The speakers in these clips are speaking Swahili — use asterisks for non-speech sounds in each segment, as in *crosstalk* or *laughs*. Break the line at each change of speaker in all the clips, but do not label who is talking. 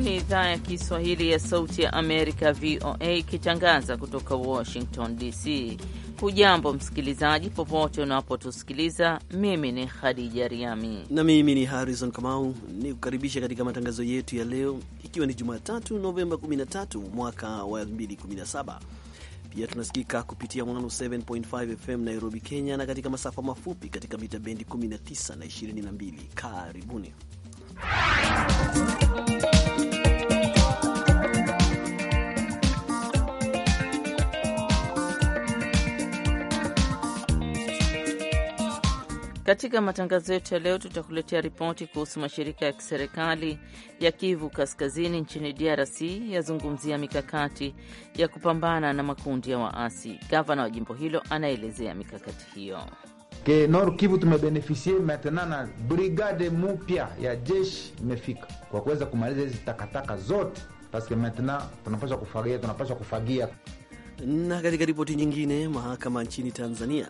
ni Idhaa ya Kiswahili ya Sauti ya Amerika, VOA, ikitangaza kutoka Washington DC. Hujambo msikilizaji, popote unapotusikiliza. Mimi ni Khadija
Riami na mimi ni Harrison Kamau, ni kukaribisha katika matangazo yetu ya leo, ikiwa ni Jumatatu Novemba 13 mwaka wa 2017. Pia tunasikika kupitia 107.5 FM Nairobi, Kenya, na katika masafa mafupi katika mita bendi 19 na 22. Karibuni
Katika matangazo yetu ya leo, tutakuletea ripoti kuhusu mashirika ya kiserikali ya Kivu Kaskazini nchini DRC yazungumzia mikakati ya kupambana na makundi ya waasi. Gavana wa jimbo hilo anaelezea mikakati hiyo.
Ke Nord Kivu tumebenefisie maintenant na brigade mupya ya jeshi imefika kwa kuweza kumaliza hizi takataka
zote, paske maintenant tunapaswa kufagia, tunapaswa kufagia. Na katika ripoti nyingine, mahakama nchini Tanzania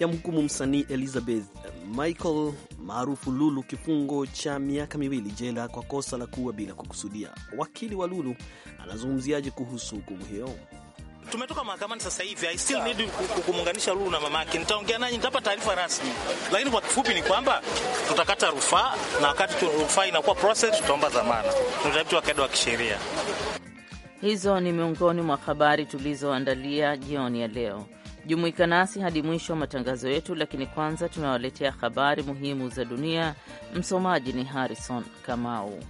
ya mhukumu msanii Elizabeth Michael maarufu Lulu kifungo cha miaka miwili jela kwa kosa la kuua bila kukusudia. Wakili wa Lulu anazungumziaje kuhusu hukumu hiyo?
Tumetoka mahakamani sasa hivi, I still need kumuunganisha Lulu na mamake. Nitaongea nanyi, nitapa taarifa rasmi, lakini kwa kifupi ni kwamba tutakata rufaa, na wakati rufaa inakuwa process, tutaomba dhamana. Ni utaratibu wa kisheria.
Hizo ni miongoni mwa habari tulizoandalia jioni ya leo. Jumuika nasi hadi mwisho wa matangazo yetu, lakini kwanza tunawaletea habari muhimu za dunia. Msomaji ni Harrison Kamau.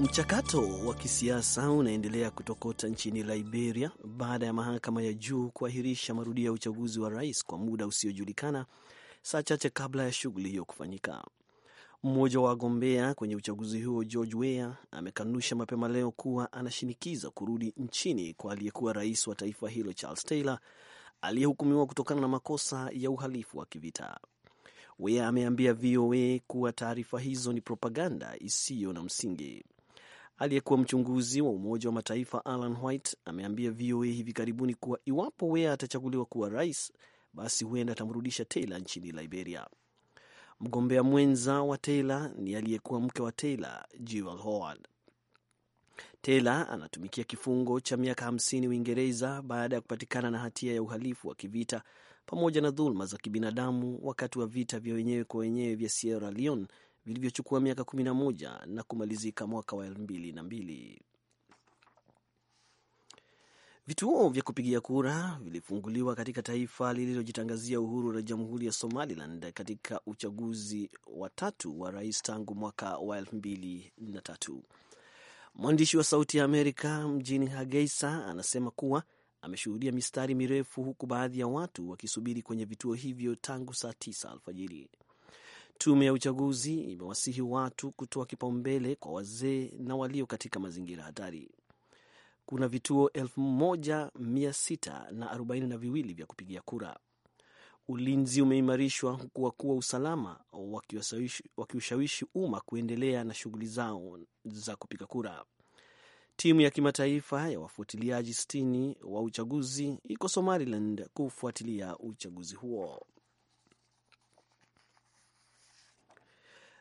Mchakato wa kisiasa unaendelea kutokota nchini Liberia baada ya mahakama ya juu kuahirisha marudio ya uchaguzi wa rais kwa muda usiojulikana saa chache kabla ya shughuli hiyo kufanyika. Mmoja wa wagombea kwenye uchaguzi huo George Weah amekanusha mapema leo kuwa anashinikiza kurudi nchini kwa aliyekuwa rais wa taifa hilo Charles Taylor aliyehukumiwa kutokana na makosa ya uhalifu wa kivita. Weah ameambia VOA kuwa taarifa hizo ni propaganda isiyo na msingi. Aliyekuwa mchunguzi wa Umoja wa Mataifa Alan White ameambia VOA hivi karibuni kuwa iwapo Weah atachaguliwa kuwa rais, basi huenda atamrudisha Taylor nchini Liberia. Mgombea mwenza wa Taylor ni aliyekuwa mke wa Taylor, Jewel Howard. Taylor anatumikia kifungo cha miaka hamsini Uingereza baada ya kupatikana na hatia ya uhalifu wa kivita pamoja na dhuluma za kibinadamu wakati wa vita vya wenyewe kwa wenyewe vya Sierra Leone vilivyochukua miaka kumi na moja na kumalizika mwaka wa na mbili Vituo vya kupigia kura vilifunguliwa katika taifa lililojitangazia uhuru la Jamhuri ya Somaliland katika uchaguzi wa tatu wa rais tangu mwaka wa 2003. Mwandishi wa Sauti ya Amerika mjini hageisa anasema kuwa ameshuhudia mistari mirefu huku baadhi ya watu wakisubiri kwenye vituo hivyo tangu saa tisa alfajiri. Tume ya uchaguzi imewasihi watu kutoa kipaumbele kwa wazee na walio katika mazingira hatari kuna vituo 1642 vya kupigia kura. Ulinzi umeimarishwa huku wakuu wa usalama wakiushawishi umma kuendelea na shughuli zao za kupiga kura. Timu ya kimataifa ya wafuatiliaji 60 wa uchaguzi iko Somaliland kufuatilia uchaguzi huo.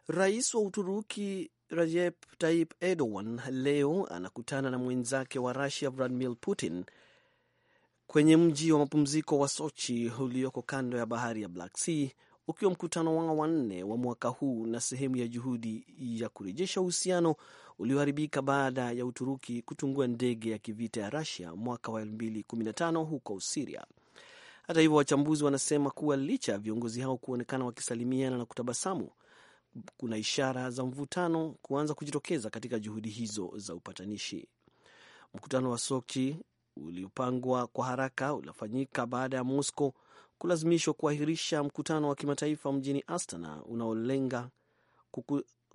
Rais wa Uturuki Recep Tayyip Erdogan leo anakutana na mwenzake wa Rusia Vladimir Putin kwenye mji wa mapumziko wa Sochi ulioko kando ya bahari ya Black Sea, ukiwa mkutano wao wanne wa mwaka huu na sehemu ya juhudi ya kurejesha uhusiano ulioharibika baada ya Uturuki kutungua ndege ya kivita ya Rusia mwaka wa 2015 huko Siria. Hata hivyo, wachambuzi wanasema kuwa licha ya viongozi hao kuonekana wakisalimiana na kutabasamu, kuna ishara za mvutano kuanza kujitokeza katika juhudi hizo za upatanishi. Mkutano wa Sochi uliopangwa kwa haraka ulifanyika baada ya Moscow kulazimishwa kuahirisha mkutano wa kimataifa mjini Astana unaolenga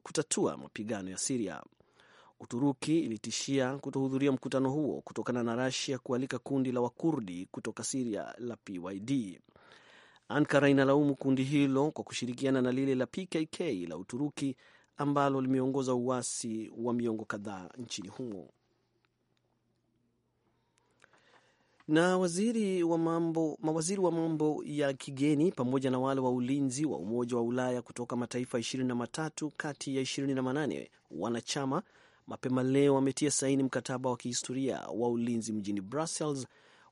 kutatua mapigano ya Siria. Uturuki ilitishia kutohudhuria mkutano huo kutokana na Rasia kualika kundi la Wakurdi kutoka Siria la PYD. Ankara inalaumu kundi hilo kwa kushirikiana na lile la PKK la Uturuki ambalo limeongoza uasi wa miongo kadhaa nchini humo. Na waziri wa mambo, mawaziri wa mambo ya kigeni pamoja na wale wa ulinzi wa Umoja wa Ulaya kutoka mataifa 23 kati ya 28 wanachama mapema leo wametia saini mkataba wa kihistoria wa ulinzi mjini Brussels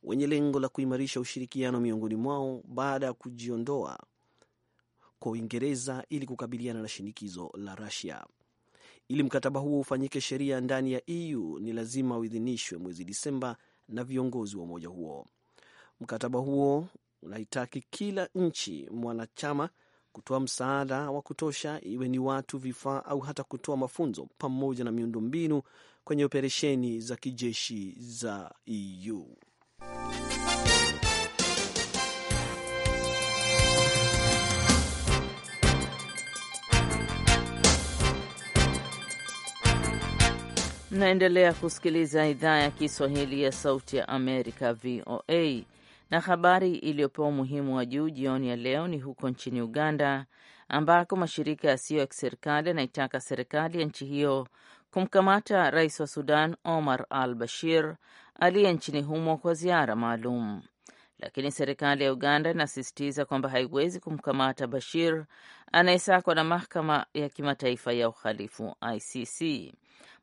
wenye lengo la kuimarisha ushirikiano miongoni mwao baada ya kujiondoa kwa Uingereza ili kukabiliana na shinikizo la Rusia. Ili mkataba huo ufanyike sheria ndani ya EU ni lazima uidhinishwe mwezi Disemba na viongozi wa umoja huo. Mkataba huo unahitaki kila nchi mwanachama kutoa msaada wa kutosha, iwe ni watu, vifaa au hata kutoa mafunzo pamoja na miundombinu kwenye operesheni za kijeshi za EU.
naendelea kusikiliza idhaa ya Kiswahili ya Sauti ya Amerika, VOA. Na habari iliyopewa umuhimu wa juu jioni ya leo ni huko nchini Uganda, ambako mashirika yasiyo ya kiserikali yanaitaka serikali ya nchi hiyo kumkamata rais wa Sudan Omar al Bashir aliye nchini humo kwa ziara maalum lakini serikali ya Uganda inasisitiza kwamba haiwezi kumkamata Bashir anayesakwa na mahakama ya kimataifa ya uhalifu ICC.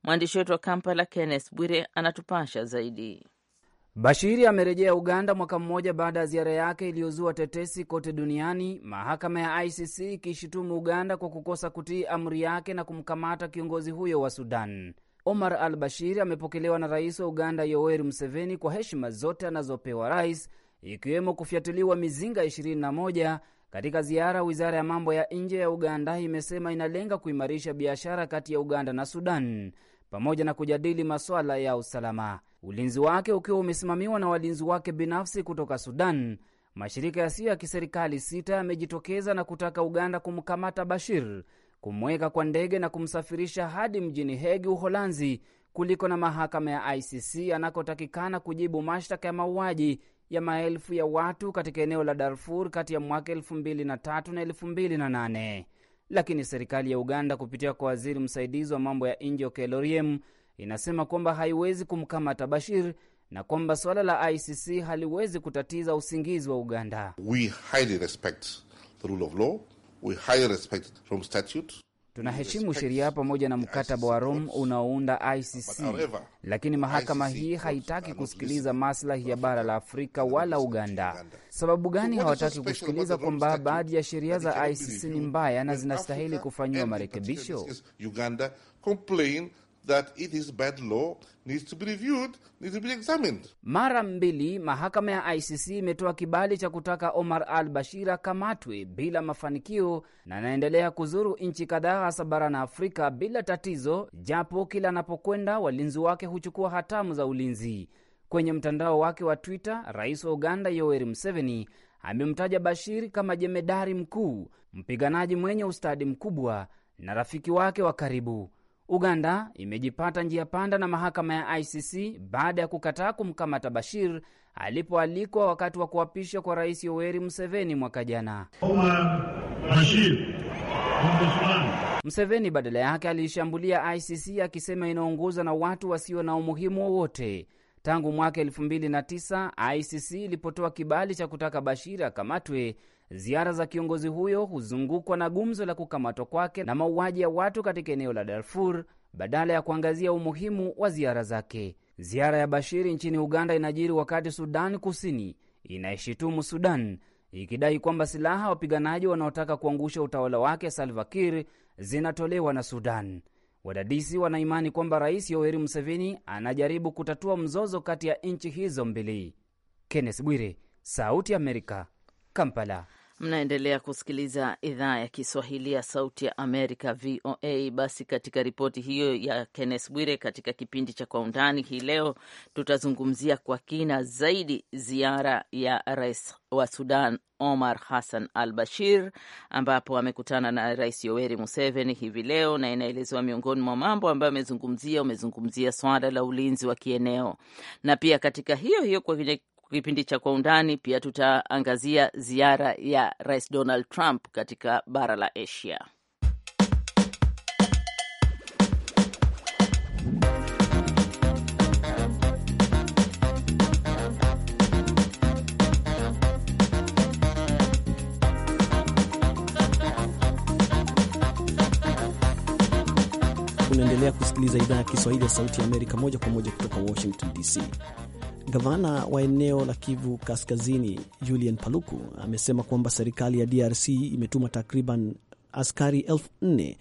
Mwandishi wetu wa Kampala, Kenneth Bwire, anatupasha zaidi.
Bashiri amerejea Uganda mwaka mmoja baada ya ziara yake iliyozua tetesi kote duniani, mahakama ya ICC ikiishutumu Uganda kwa kukosa kutii amri yake na kumkamata kiongozi huyo wa Sudan. Omar al Bashir amepokelewa na rais wa Uganda Yoweri Museveni kwa heshima zote anazopewa rais ikiwemo kufyatuliwa mizinga 21 katika ziara. Wizara ya mambo ya nje ya Uganda imesema inalenga kuimarisha biashara kati ya Uganda na Sudan pamoja na kujadili masuala ya usalama, ulinzi wake ukiwa umesimamiwa na walinzi wake binafsi kutoka Sudan. Mashirika yasiyo ya kiserikali sita yamejitokeza na kutaka Uganda kumkamata Bashir, kumweka kwa ndege na kumsafirisha hadi mjini Hegi, Uholanzi, kuliko na mahakama ya ICC anakotakikana kujibu mashtaka ya mauaji ya maelfu ya watu katika eneo la Darfur kati ya mwaka 2003 na 2008, lakini serikali ya Uganda kupitia kwa waziri msaidizi wa mambo ya nje Okello Oryem inasema kwamba haiwezi kumkamata Bashir na kwamba suala la ICC haliwezi kutatiza usingizi wa Uganda.
We highly respect the rule of law. We highly respect Statute. Tunaheshimu
sheria pamoja na mkataba wa Rome unaounda ICC, lakini mahakama hii haitaki kusikiliza maslahi ya bara la Afrika wala Uganda. Sababu gani hawataki kusikiliza kwamba baadhi ya sheria za ICC ni mbaya na zinastahili kufanyiwa
marekebisho? that it is bad law needs to be reviewed, needs to be examined. Mara
mbili mahakama ya ICC imetoa kibali cha kutaka Omar al Bashir akamatwe bila mafanikio, na anaendelea kuzuru nchi kadhaa hasa barani Afrika bila tatizo, japo kila anapokwenda walinzi wake huchukua hatamu za ulinzi. Kwenye mtandao wake wa Twitter, rais wa Uganda Yoweri Museveni amemtaja Bashir kama jemedari mkuu, mpiganaji mwenye ustadi mkubwa na rafiki wake wa karibu. Uganda imejipata njia panda na mahakama ya ICC baada ya kukataa kumkamata Bashir alipoalikwa wakati wa kuapishwa kwa Rais Yoweri Museveni mwaka jana. Museveni badala yake aliishambulia ICC akisema inaongozwa na watu wasio na umuhimu wowote. Tangu mwaka 2009 ICC ilipotoa kibali cha kutaka Bashir akamatwe, Ziara za kiongozi huyo huzungukwa na gumzo la kukamatwa kwake na mauaji ya watu katika eneo la Darfur badala ya kuangazia umuhimu wa ziara zake. Ziara ya Bashiri nchini Uganda inajiri wakati Sudan Kusini inaishitumu Sudan ikidai kwamba silaha wapiganaji wanaotaka kuangusha utawala wake Salva Kiir zinatolewa na Sudan. Wadadisi wanaimani kwamba Rais Yoweri Museveni anajaribu kutatua mzozo kati ya nchi hizo mbili. Kenneth Bwire, Sauti ya Amerika, Kampala.
Mnaendelea kusikiliza idhaa ya Kiswahili ya Sauti ya Amerika, VOA. Basi katika ripoti hiyo ya Kennes Bwire, katika kipindi cha Kwa Undani hii leo tutazungumzia kwa kina zaidi ziara ya rais wa Sudan Omar Hassan al Bashir, ambapo amekutana na Rais Yoweri Museveni hivi leo, na inaelezewa miongoni mwa mambo ambayo amezungumzia, umezungumzia swala la ulinzi wa kieneo, na pia katika hiyo hiyo kwenye kipindi cha Kwa Undani pia tutaangazia ziara ya Rais Donald Trump katika bara la Asia.
Unaendelea kusikiliza idhaa ya Kiswahili ya Sauti ya Amerika moja kwa moja kutoka Washington DC. Gavana wa eneo la Kivu Kaskazini Julien Paluku amesema kwamba serikali ya DRC imetuma takriban askari elfu nne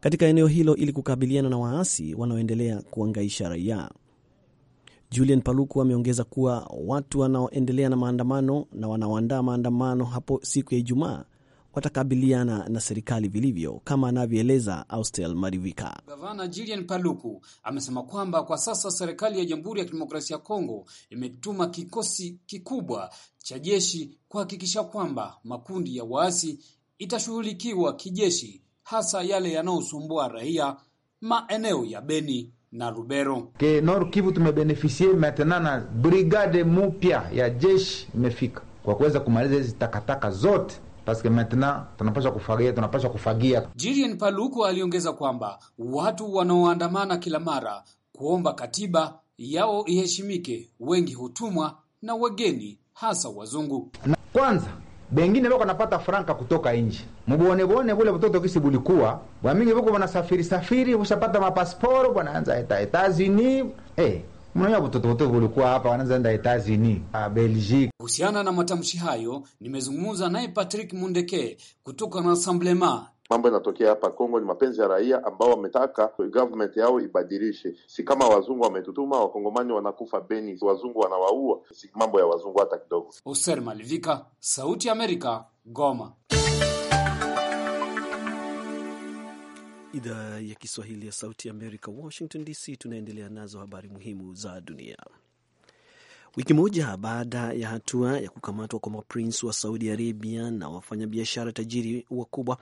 katika eneo hilo ili kukabiliana na waasi wanaoendelea kuangaisha raia. Julien Paluku ameongeza kuwa watu wanaoendelea na maandamano na wanaoandaa maandamano hapo siku ya Ijumaa watakabiliana na serikali vilivyo, kama anavyoeleza Austel Marivika.
Gavana Julian Paluku amesema kwamba kwa sasa serikali ya Jamhuri ya Kidemokrasia ya Kongo imetuma kikosi kikubwa cha jeshi kuhakikisha kwamba makundi ya waasi itashughulikiwa kijeshi, hasa yale yanayosumbua raia maeneo ya Beni na Rubero ke Nor Kivu. Tumebenefisie maintenant na brigade mupya ya jeshi imefika kwa kuweza kumaliza hizi takataka zote paske maintenant tunapaswa kufagia, tunapaswa kufagia. Jirien Paluku aliongeza kwamba watu wanaoandamana kila mara kuomba katiba yao iheshimike, wengi hutumwa na wageni, hasa wazungu na kwanza bengine bako napata franka kutoka nje mubonebone bule butoto kisi bulikuwa bwamingi buko banasafiri safiri ushapata mapasporo bwanaanza eta eh hey. Mnaona watoto wote walikuwa hapa wanazaenda Etazini
a ah, Belgique.
Kuhusiana na matamshi hayo, nimezungumza naye Patrick Mundeke kutoka na Assemblema.
Mambo yanatokea hapa Kongo ni mapenzi ya raia ambao wametaka government yao ibadilishe. Si kama wazungu wametutuma, wakongomani wanakufa Beni, wazungu wanawaua.
Si mambo ya wazungu hata kidogo.
Oser Malivika, Sauti ya Amerika, Goma.
idhaa ya Kiswahili ya Sauti ya Amerika, Washington DC. Tunaendelea nazo habari muhimu za dunia. Wiki moja baada ya hatua ya kukamatwa kwa maprinsi wa Saudi Arabia na wafanyabiashara tajiri wakubwa,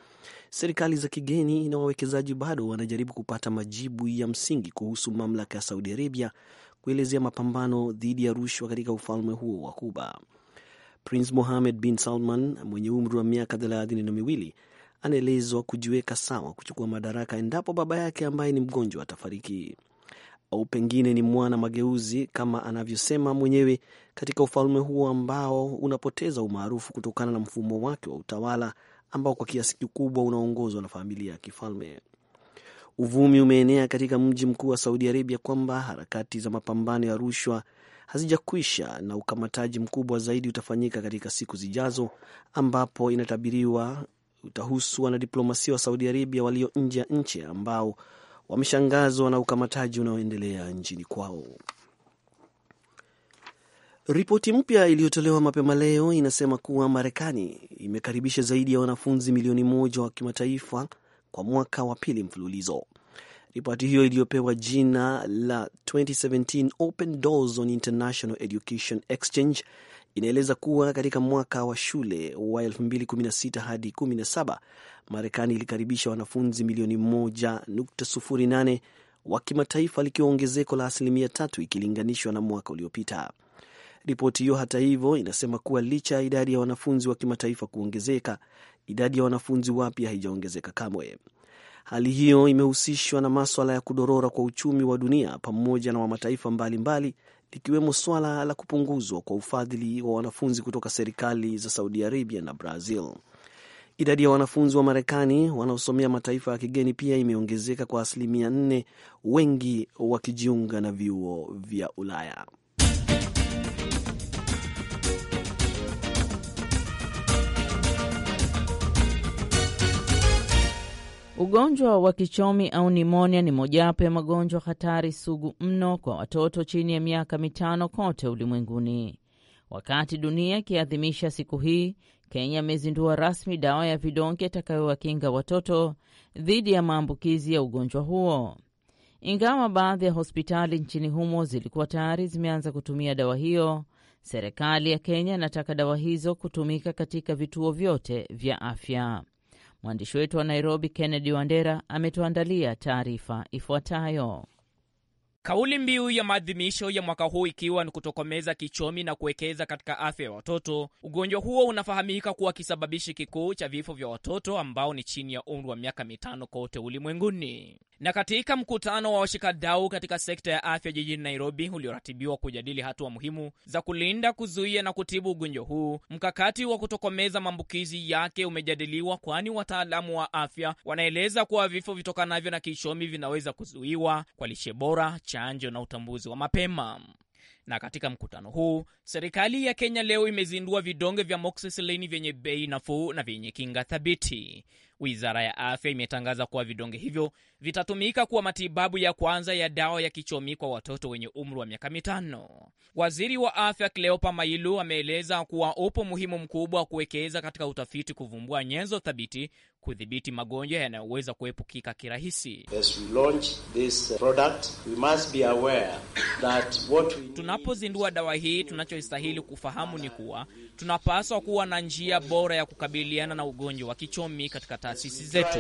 serikali za kigeni na wawekezaji bado wanajaribu kupata majibu ya msingi kuhusu mamlaka ya Saudi Arabia kuelezea mapambano dhidi ya rushwa katika ufalme huo wa Kuba. Prince Mohammed bin Salman mwenye umri wa miaka thelathini na miwili anaelezwa kujiweka sawa kuchukua madaraka endapo baba yake ambaye ni mgonjwa atafariki au pengine ni mwana mageuzi kama anavyosema mwenyewe katika ufalme huo ambao unapoteza umaarufu kutokana na mfumo wake wa utawala ambao kwa kiasi kikubwa unaongozwa na familia ya kifalme. Uvumi umeenea katika mji mkuu wa Saudi Arabia kwamba harakati za mapambano ya rushwa hazijakwisha na ukamataji mkubwa zaidi utafanyika katika siku zijazo, ambapo inatabiriwa utahusu wanadiplomasia wa Saudi Arabia walio nje ya nchi ambao wameshangazwa na ukamataji unaoendelea nchini kwao. Ripoti mpya iliyotolewa mapema leo inasema kuwa Marekani imekaribisha zaidi ya wanafunzi milioni moja wa kimataifa kwa mwaka wa pili mfululizo. Ripoti hiyo iliyopewa jina la 2017 Open Doors on International Education Exchange inaeleza kuwa katika mwaka wa shule wa 2016 hadi 17 Marekani ilikaribisha wanafunzi milioni 1.08 wa kimataifa likiwa ongezeko la asilimia tatu ikilinganishwa na mwaka uliopita. Ripoti hiyo hata hivyo inasema kuwa licha ya idadi ya wanafunzi wa kimataifa kuongezeka, idadi ya wanafunzi wapya haijaongezeka kamwe. Hali hiyo imehusishwa na maswala ya kudorora kwa uchumi wa dunia pamoja na wa mataifa mbalimbali mbali, likiwemo swala la kupunguzwa kwa ufadhili wa wanafunzi kutoka serikali za Saudi Arabia na Brazil. Idadi ya wanafunzi wa Marekani wanaosomea mataifa ya kigeni pia imeongezeka kwa asilimia nne, wengi wakijiunga na vyuo vya Ulaya.
Ugonjwa wa kichomi au nimonia ni mojawapo ya magonjwa hatari sugu mno kwa watoto chini ya miaka mitano kote ulimwenguni. Wakati dunia ikiadhimisha siku hii, Kenya imezindua rasmi dawa ya vidonge itakayowakinga watoto dhidi ya maambukizi ya ugonjwa huo. Ingawa baadhi ya hospitali nchini humo zilikuwa tayari zimeanza kutumia dawa hiyo, serikali ya Kenya inataka dawa hizo kutumika katika vituo vyote vya afya. Mwandishi wetu wa Nairobi, Kennedy Wandera, ametuandalia taarifa ifuatayo.
Kauli mbiu ya maadhimisho ya mwaka huu ikiwa ni kutokomeza kichomi na kuwekeza katika afya ya watoto. Ugonjwa huo unafahamika kuwa kisababishi kikuu cha vifo vya watoto ambao ni chini ya umri wa miaka mitano kote ulimwenguni. Na katika mkutano wa washikadau katika sekta ya afya jijini Nairobi ulioratibiwa kujadili hatua muhimu za kulinda, kuzuia na kutibu ugonjwa huu, mkakati wa kutokomeza maambukizi yake umejadiliwa, kwani wataalamu wa afya wanaeleza kuwa vifo vitokanavyo na kichomi vinaweza kuzuiwa kwa lishe bora, chanjo na utambuzi wa mapema. Na katika mkutano huu serikali ya Kenya leo imezindua vidonge vya moxicillin vyenye bei nafuu na vyenye kinga thabiti. Wizara ya Afya imetangaza kuwa vidonge hivyo vitatumika kuwa matibabu ya kwanza ya dawa ya kichomi kwa watoto wenye umri wa miaka mitano. Waziri wa Afya Cleopa Mailu ameeleza kuwa upo muhimu mkubwa wa kuwekeza katika utafiti kuvumbua nyenzo thabiti kudhibiti magonjwa yanayoweza kuepukika kirahisi.
Uh,
Tunapozindua dawa hii, tunachostahili kufahamu ni kuwa tunapaswa kuwa na njia bora ya kukabiliana na ugonjwa wa kichomi katika taasisi zetu.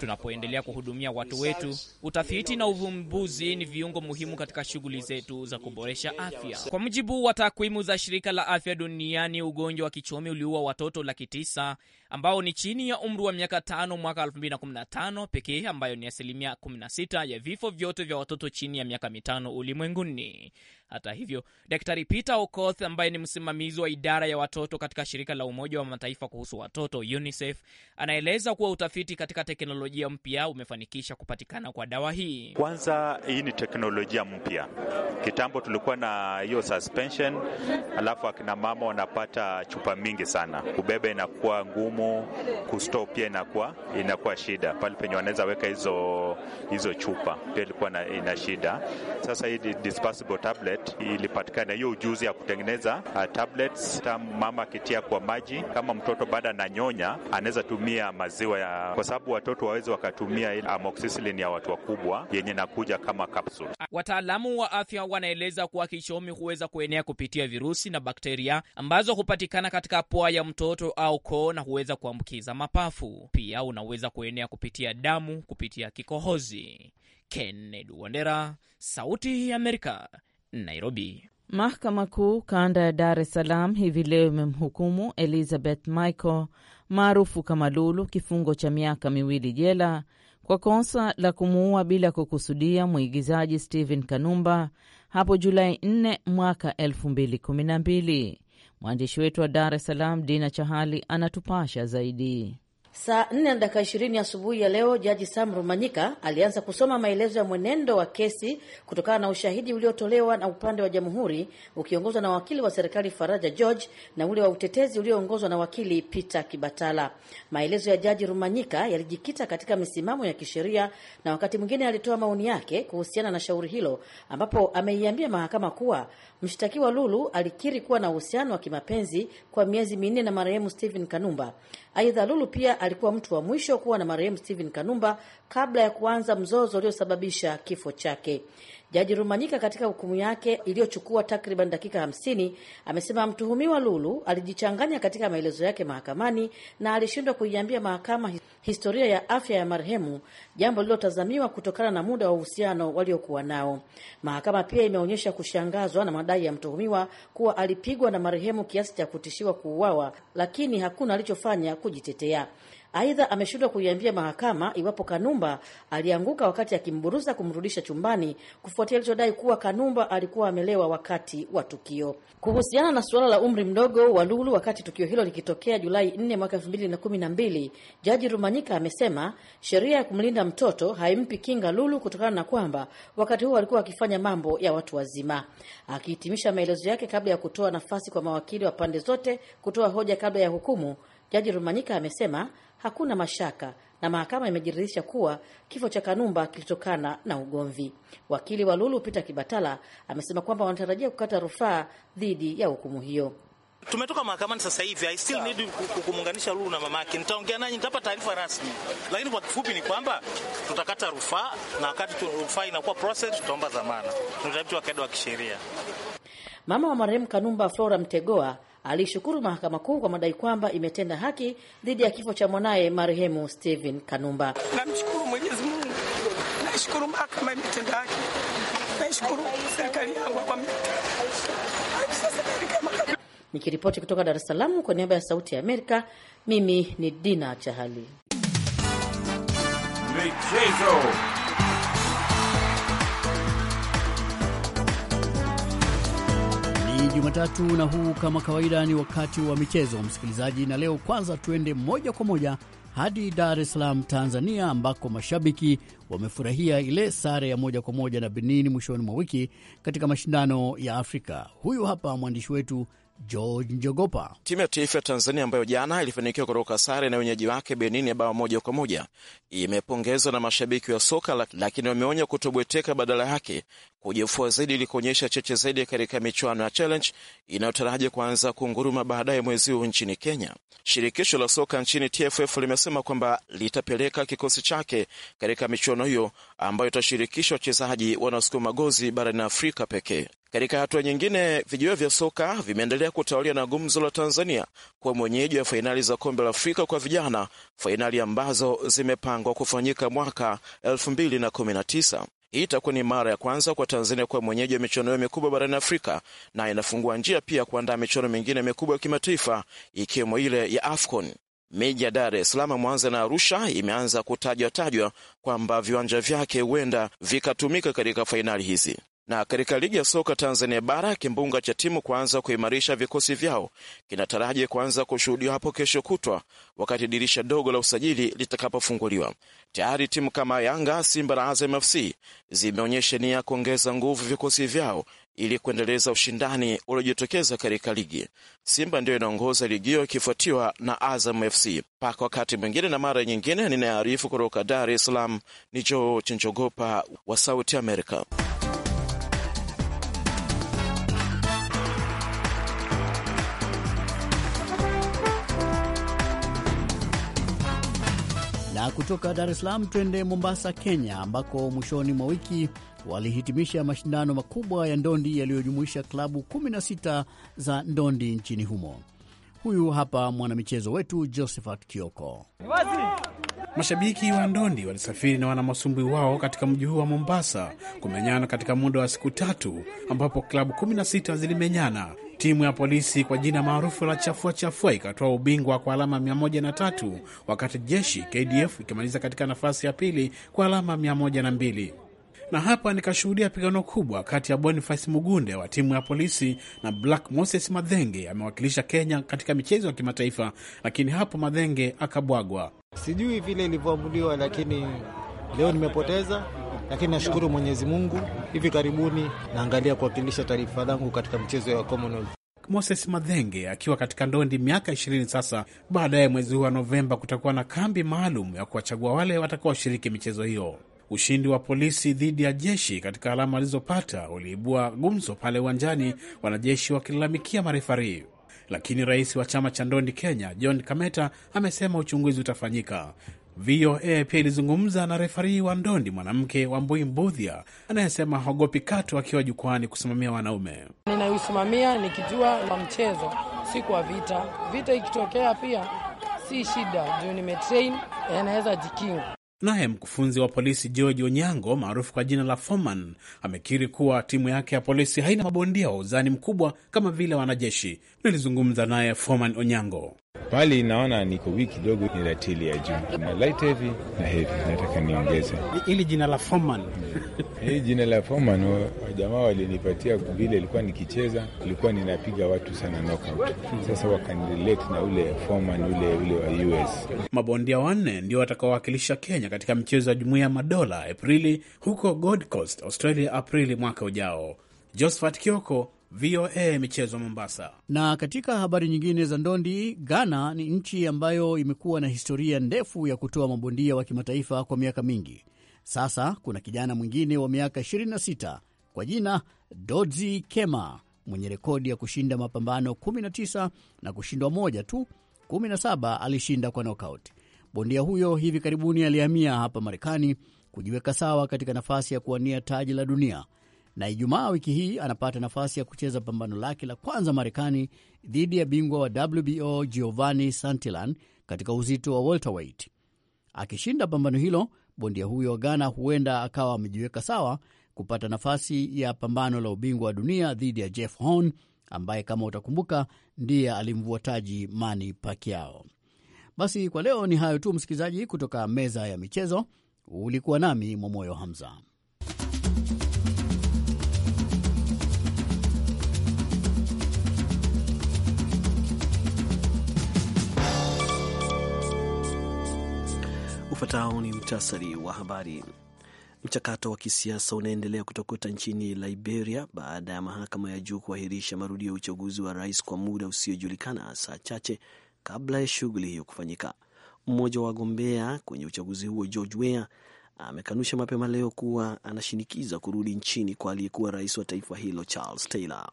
Tunapoendelea kuhudumia watu wetu, utafiti na uvumbuzi ni viungo muhimu katika shughuli zetu za kuboresha afya. Kwa mujibu wa takwimu za Shirika la Afya Duniani, ugonjwa wa kichomi uliua watoto laki tisa ambao ni chini ya umri wa miaka miaka tano mwaka 2015 pekee ambayo ni asilimia 16 ya vifo vyote vya watoto chini ya miaka mitano ulimwenguni. Hata hivyo, Daktari Peter Okoth ambaye ni msimamizi wa idara ya watoto katika shirika la Umoja wa Mataifa kuhusu watoto UNICEF anaeleza kuwa utafiti katika teknolojia mpya umefanikisha kupatikana kwa dawa hii.
Kwanza, hii ni teknolojia mpya. Kitambo tulikuwa na hiyo suspension, alafu akina mama wanapata chupa mingi sana, kubeba inakuwa ngumu, kusto pia inakuwa inakuwa shida. Pale penye wanaweza weka hizo hizo chupa pia ilikuwa ina shida. Sasa hii disposable tablet tablet. Ilipatikana hiyo ujuzi ya kutengeneza uh, tablets. Mama akitia kwa maji, kama mtoto baada ananyonya, anaweza tumia maziwa ya, kwa sababu watoto waweze wakatumia ile amoxicillin ya watu wakubwa yenye nakuja kama capsule.
Wataalamu wa afya wanaeleza kuwa kichomi huweza kuenea kupitia virusi na bakteria ambazo hupatikana katika pua ya mtoto au koo na huweza kuambukiza mapafu. Pia unaweza kuenea kupitia damu, kupitia kikohozi. Kennedy Wandera, Sauti ya Amerika, Nairobi.
Mahakama Kuu kanda ya Dar es Salaam hivi leo imemhukumu Elizabeth Michael maarufu kama Lulu kifungo cha miaka miwili jela kwa kosa la kumuua bila kukusudia mwigizaji Stephen Kanumba hapo Julai 4 mwaka 2012. Mwandishi wetu wa Dar es Salaam Dina Chahali anatupasha zaidi.
Saa 4 na dakika ishirini asubuhi ya leo, Jaji Sam Rumanyika alianza kusoma maelezo ya mwenendo wa kesi kutokana na ushahidi uliotolewa na upande wa jamhuri ukiongozwa na wakili wa serikali Faraja George na ule wa utetezi ulioongozwa na wakili Peter Kibatala. Maelezo ya Jaji Rumanyika yalijikita katika misimamo ya kisheria na wakati mwingine alitoa maoni yake kuhusiana na shauri hilo, ambapo ameiambia mahakama kuwa mshtakiwa Lulu alikiri kuwa na uhusiano wa kimapenzi kwa miezi minne na marehemu Stephen Kanumba. Aidha, Lulu pia alikuwa mtu wa mwisho kuwa na marehemu Stephen Kanumba kabla ya kuanza mzozo uliosababisha kifo chake. Jaji Rumanyika katika hukumu yake iliyochukua takriban dakika hamsini amesema mtuhumiwa Lulu alijichanganya katika maelezo yake mahakamani na alishindwa kuiambia mahakama historia ya afya ya marehemu, jambo lililotazamiwa kutokana na muda wa uhusiano waliokuwa nao. Mahakama pia imeonyesha kushangazwa na madai ya mtuhumiwa kuwa alipigwa na marehemu kiasi cha kutishiwa kuuawa, lakini hakuna alichofanya kujitetea. Aidha, ameshindwa kuiambia mahakama iwapo Kanumba alianguka wakati akimburuza kumrudisha chumbani kufuatia alichodai kuwa Kanumba alikuwa amelewa wakati wa tukio. Kuhusiana na suala la umri mdogo wa Lulu wakati tukio hilo likitokea Julai 4 mwaka 2012, Jaji Rumanyika amesema sheria ya kumlinda mtoto haimpi kinga Lulu kutokana na kwamba wakati huo alikuwa akifanya mambo ya watu wazima. Akihitimisha maelezo yake kabla ya kutoa nafasi kwa mawakili wa pande zote kutoa hoja kabla ya hukumu, Jaji Rumanyika amesema hakuna mashaka na mahakama imejiridhisha kuwa kifo cha Kanumba kilitokana na ugomvi. Wakili wa Lulu Peter Kibatala amesema kwamba wanatarajia kukata rufaa dhidi ya hukumu hiyo.
Tumetoka mahakamani sasa hivi, I still need kumuunganisha Lulu na mama yake. Nitaongea nanyi, nitapa taarifa rasmi, lakini kwa kifupi ni kwamba tutakata rufaa, na wakati rufaa inakuwa process, tutaomba dhamana. Ni utaratibu wa wa kisheria.
Mama wa marehemu Kanumba Flora Mtegoa aliishukuru mahakama kuu kwa madai kwamba imetenda haki dhidi ya kifo cha mwanaye marehemu Stephen Kanumba.
Namshukuru Mwenyezi Mungu, naishukuru mahakama imetenda
haki, naishukuru serikali yangu kwa
Nikiripoti kutoka Dar es Salaam kwa niaba ya Sauti ya Amerika, mimi ni Dina Chahali.
Michezo.
Jumatatu na huu kama kawaida ni wakati wa michezo, msikilizaji, na leo kwanza tuende moja kwa moja hadi Dar es Salaam, Tanzania, ambako mashabiki wamefurahia ile sare ya moja kwa moja na Benin mwishoni mwa wiki katika mashindano ya Afrika. Huyu hapa mwandishi wetu George Njogopa.
Timu ya taifa ya Tanzania ambayo jana ilifanikiwa kutoka sare na wenyeji wake Benin ya bao moja kwa moja imepongezwa na mashabiki wa soka, lakini wameonya kutobweteka, badala yake kujifua zaidi ili kuonyesha cheche zaidi katika michuano ya Challenge inayotaraji kuanza kunguruma baadaye mwezi huu nchini Kenya. Shirikisho la soka nchini TFF limesema kwamba litapeleka kikosi chake katika michuano hiyo ambayo itashirikisha wachezaji wanaosukuma gozi barani Afrika pekee. Katika hatua nyingine, vijiwe vya soka vimeendelea kutawaliwa na gumzo la Tanzania kuwa mwenyeji wa fainali za kombe la Afrika kwa vijana, fainali ambazo zimepangwa kufanyika mwaka 2019. Hii itakuwa ni mara ya kwanza kwa Tanzania kuwa mwenyeji wa michuano hiyo mikubwa barani Afrika na inafungua njia pia kuandaa michuano mingine mikubwa ya kimataifa ikiwemo ile ya AFCON. Miji ya Dar es Salaam, Mwanza na Arusha imeanza kutajwa tajwa kwamba viwanja vyake huenda vikatumika katika fainali hizi. Na katika ligi ya soka Tanzania Bara, kimbunga cha timu kuanza kuimarisha vikosi vyao kinataraji kuanza kushuhudiwa hapo kesho kutwa, wakati dirisha dogo la usajili litakapofunguliwa. Tayari timu kama Yanga, Simba na Azam FC zimeonyesha nia ya kuongeza nguvu vikosi vyao ili kuendeleza ushindani uliojitokeza katika ligi. Simba ndiyo inaongoza ligi hiyo ikifuatiwa na Azam FC. Mpaka wakati mwingine na mara nyingine, ninayearifu kutoka Dar es Salaam ni George Njogopa wa Sauti Amerika.
kutoka Dar es Salaam twende Mombasa, Kenya, ambako mwishoni mwa wiki walihitimisha mashindano makubwa ya ndondi yaliyojumuisha klabu 16 za ndondi nchini humo. Huyu hapa mwanamichezo wetu Josephat Kioko. Mashabiki wa ndondi walisafiri na wanamasumbwi wao katika mji huu wa Mombasa
kumenyana katika muda wa siku tatu, ambapo klabu 16 zilimenyana Timu ya polisi kwa jina maarufu la chafua chafua ikatoa ubingwa kwa alama 103 wakati jeshi KDF ikimaliza katika nafasi ya pili kwa alama 102 na hapa nikashuhudia pigano kubwa kati ya Boniface Mugunde wa timu ya polisi na Black Moses Madhenge amewakilisha Kenya katika michezo ya kimataifa, lakini hapo Madhenge akabwagwa. Sijui vile ilivyoamuliwa, lakini leo nimepoteza lakini nashukuru Mwenyezi Mungu, hivi karibuni naangalia kuwakilisha taifa langu katika mchezo ya Commonwealth. Moses Madhenge akiwa katika ndondi miaka ishirini sasa. Baadaye mwezi huu wa Novemba kutakuwa na kambi maalum ya kuwachagua wale watakaoshiriki michezo hiyo. Ushindi wa polisi dhidi ya jeshi katika alama walizopata uliibua gumzo pale uwanjani, wanajeshi wakilalamikia marefari Lakini rais wa chama cha ndondi Kenya John Kameta amesema uchunguzi utafanyika VOA pia ilizungumza na refarii wa ndondi mwanamke wa Mbui Mbudhia anayesema haogopi katu akiwa jukwani kusimamia wanaume.
Ninaisimamia nikijua na mchezo, si kwa vita. Vita ikitokea pia si shida, juu nimetrain, yanaweza jikinga.
Naye mkufunzi wa polisi George Onyango maarufu kwa jina la Foman amekiri kuwa timu yake ya polisi haina mabondia wa uzani mkubwa kama vile wanajeshi. Nilizungumza naye Foman Onyango bali inaona niko wiki kidogo, ni ratili ya juu na light heavy na heavy, nataka niongeze ili jina la Foreman *laughs* hii jina la Foreman wajamaa walinipatia vile ilikuwa nikicheza, ilikuwa ninapiga watu sana knockout. Sasa wakanirelate na ule Foreman ule ule wa US. Mabondia wanne ndio watakaowakilisha Kenya katika mchezo wa jumuia ya Madola Aprili huko Gold Coast, Australia, Aprili mwaka ujao. Josephat Kioko, VOA michezo Mombasa.
Na katika habari nyingine za ndondi, Ghana ni nchi ambayo imekuwa na historia ndefu ya kutoa mabondia wa kimataifa kwa miaka mingi. Sasa kuna kijana mwingine wa miaka 26 kwa jina Dodzi Kema mwenye rekodi ya kushinda mapambano 19 na kushindwa moja tu, 17 alishinda kwa knockout. Bondia huyo hivi karibuni alihamia hapa Marekani kujiweka sawa katika nafasi ya kuwania taji la dunia na Ijumaa wiki hii anapata nafasi ya kucheza pambano lake la kwanza Marekani dhidi ya bingwa wa WBO Giovanni Santillan katika uzito wa welterweight. Akishinda pambano hilo, bondia huyo wa Ghana huenda akawa amejiweka sawa kupata nafasi ya pambano la ubingwa wa dunia dhidi ya Jeff Horn ambaye kama utakumbuka ndiye alimvua taji Manny Pacquiao. Basi kwa leo ni hayo tu, msikilizaji, kutoka meza ya michezo. Ulikuwa nami Mwamoyo Hamza.
Ufuatao ni mtasari wa habari. Mchakato wa kisiasa unaendelea kutokota nchini Liberia baada ya mahakama ya juu kuahirisha marudio ya uchaguzi wa rais kwa muda usiojulikana, saa chache kabla ya shughuli hiyo kufanyika. Mmoja wa wagombea kwenye uchaguzi huo George Weah amekanusha mapema leo kuwa anashinikiza kurudi nchini kwa aliyekuwa rais wa taifa hilo Charles Taylor.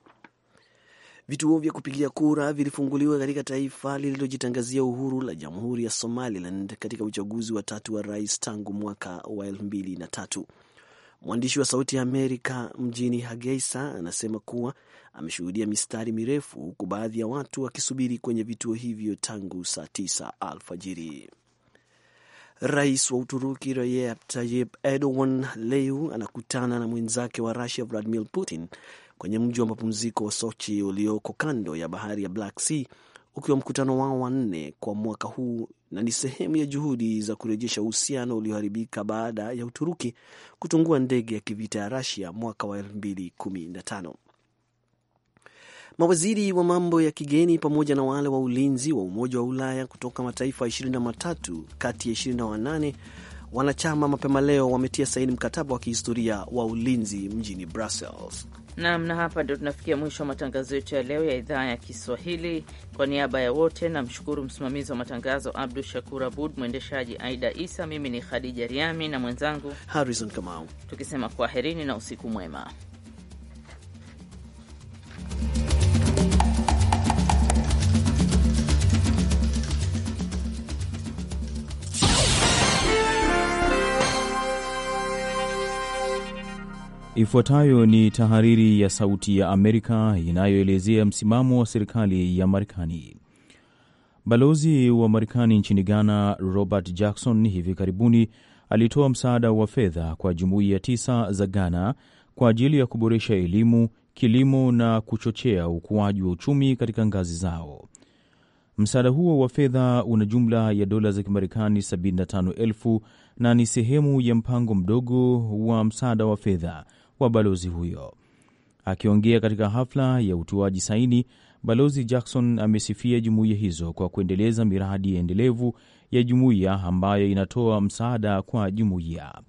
Vituo vya kupigia kura vilifunguliwa katika taifa lililojitangazia uhuru la Jamhuri ya Somaliland katika uchaguzi wa tatu wa rais tangu mwaka wa tatu. Mwandishi wa Sauti ya Amerika mjini Hageisa anasema kuwa ameshuhudia mistari mirefu huku baadhi ya watu wakisubiri kwenye vituo hivyo tangu saa tisa alfajiri. Rais wa Uturuki Recep Tayyip Erdogan leo anakutana na mwenzake wa Rusia Vladimir Putin kwenye mji wa mapumziko wa Sochi ulioko kando ya bahari ya Black Sea, ukiwa mkutano wao wa nne kwa mwaka huu na ni sehemu ya juhudi za kurejesha uhusiano ulioharibika baada ya Uturuki kutungua ndege ya kivita ya Rusia mwaka wa 2015. Mawaziri wa mambo ya kigeni pamoja na wale wa ulinzi wa Umoja wa Ulaya kutoka mataifa 23 kati ya 28 wanachama mapema leo wametia saini mkataba wa kihistoria wa ulinzi mjini Brussels.
Nam, na hapa ndio tunafikia mwisho wa matangazo yetu ya leo ya idhaa ya Kiswahili. Kwa niaba ya wote, namshukuru msimamizi wa matangazo Abdu Shakur Abud, mwendeshaji Aida Isa, mimi ni Khadija Riami na mwenzangu Harrison Kamau, tukisema kwaherini na usiku mwema.
Ifuatayo ni tahariri ya Sauti ya Amerika inayoelezea msimamo wa serikali ya Marekani. Balozi wa Marekani nchini Ghana, Robert Jackson, hivi karibuni alitoa msaada wa fedha kwa jumuiya tisa za Ghana kwa ajili ya kuboresha elimu, kilimo na kuchochea ukuaji wa uchumi katika ngazi zao. Msaada huo wa fedha una jumla ya dola za Kimarekani 75,000 na ni sehemu ya mpango mdogo wa msaada wa fedha wa balozi huyo. Akiongea katika hafla ya utoaji saini, Balozi Jackson amesifia jumuiya hizo kwa kuendeleza miradi endelevu ya jumuiya ambayo inatoa msaada kwa jumuiya.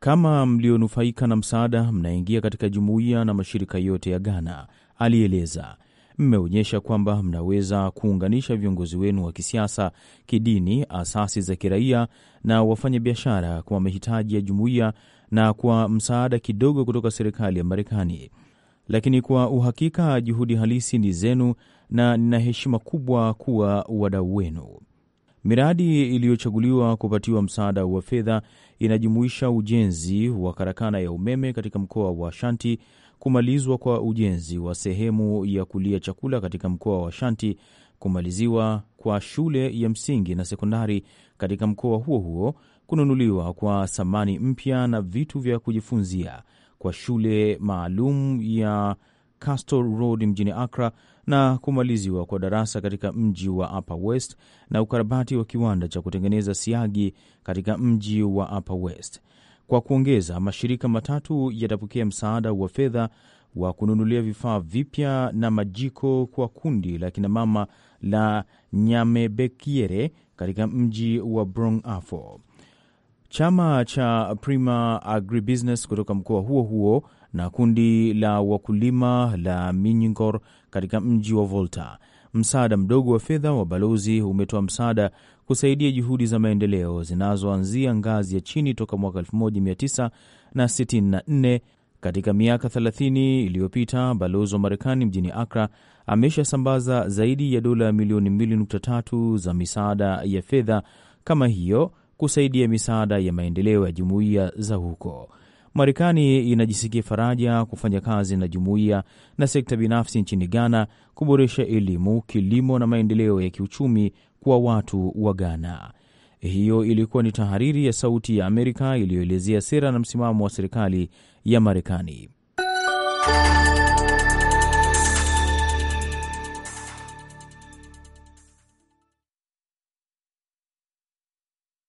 Kama mlionufaika na msaada, mnaingia katika jumuiya na mashirika yote ya Ghana, alieleza. Mmeonyesha kwamba mnaweza kuunganisha viongozi wenu wa kisiasa, kidini, asasi za kiraia na wafanyabiashara kwa mahitaji ya jumuiya na kwa msaada kidogo kutoka serikali ya Marekani, lakini kwa uhakika juhudi halisi ni zenu na nina heshima kubwa kuwa wadau wenu. Miradi iliyochaguliwa kupatiwa msaada wa fedha inajumuisha ujenzi wa karakana ya umeme katika mkoa wa Shanti, kumalizwa kwa ujenzi wa sehemu ya kulia chakula katika mkoa wa Shanti, kumaliziwa kwa shule ya msingi na sekondari katika mkoa huo huo, kununuliwa kwa samani mpya na vitu vya kujifunzia kwa shule maalum ya Castle Road mjini Accra na kumaliziwa kwa darasa katika mji wa Upper West na ukarabati wa kiwanda cha kutengeneza siagi katika mji wa Upper West. Kwa kuongeza, mashirika matatu yatapokea msaada wa fedha wa kununulia vifaa vipya na majiko kwa kundi la kinamama la Nyamebekiere katika mji wa Brong Ahafo. Chama cha Prima Agribusiness kutoka mkoa huo huo na kundi la wakulima la Minyingor katika mji wa Volta. Msaada mdogo wa fedha wa balozi umetoa msaada kusaidia juhudi za maendeleo zinazoanzia ngazi ya chini toka mwaka 1964. Katika miaka 30 iliyopita, balozi wa Marekani mjini Akra ameshasambaza zaidi ya dola milioni 2.3 za misaada ya fedha kama hiyo kusaidia misaada ya maendeleo ya jumuiya za huko. Marekani inajisikia faraja kufanya kazi na jumuiya na sekta binafsi nchini Ghana kuboresha elimu, kilimo na maendeleo ya kiuchumi kwa watu wa Ghana. Hiyo ilikuwa ni tahariri ya Sauti ya Amerika iliyoelezea sera na msimamo wa serikali ya Marekani.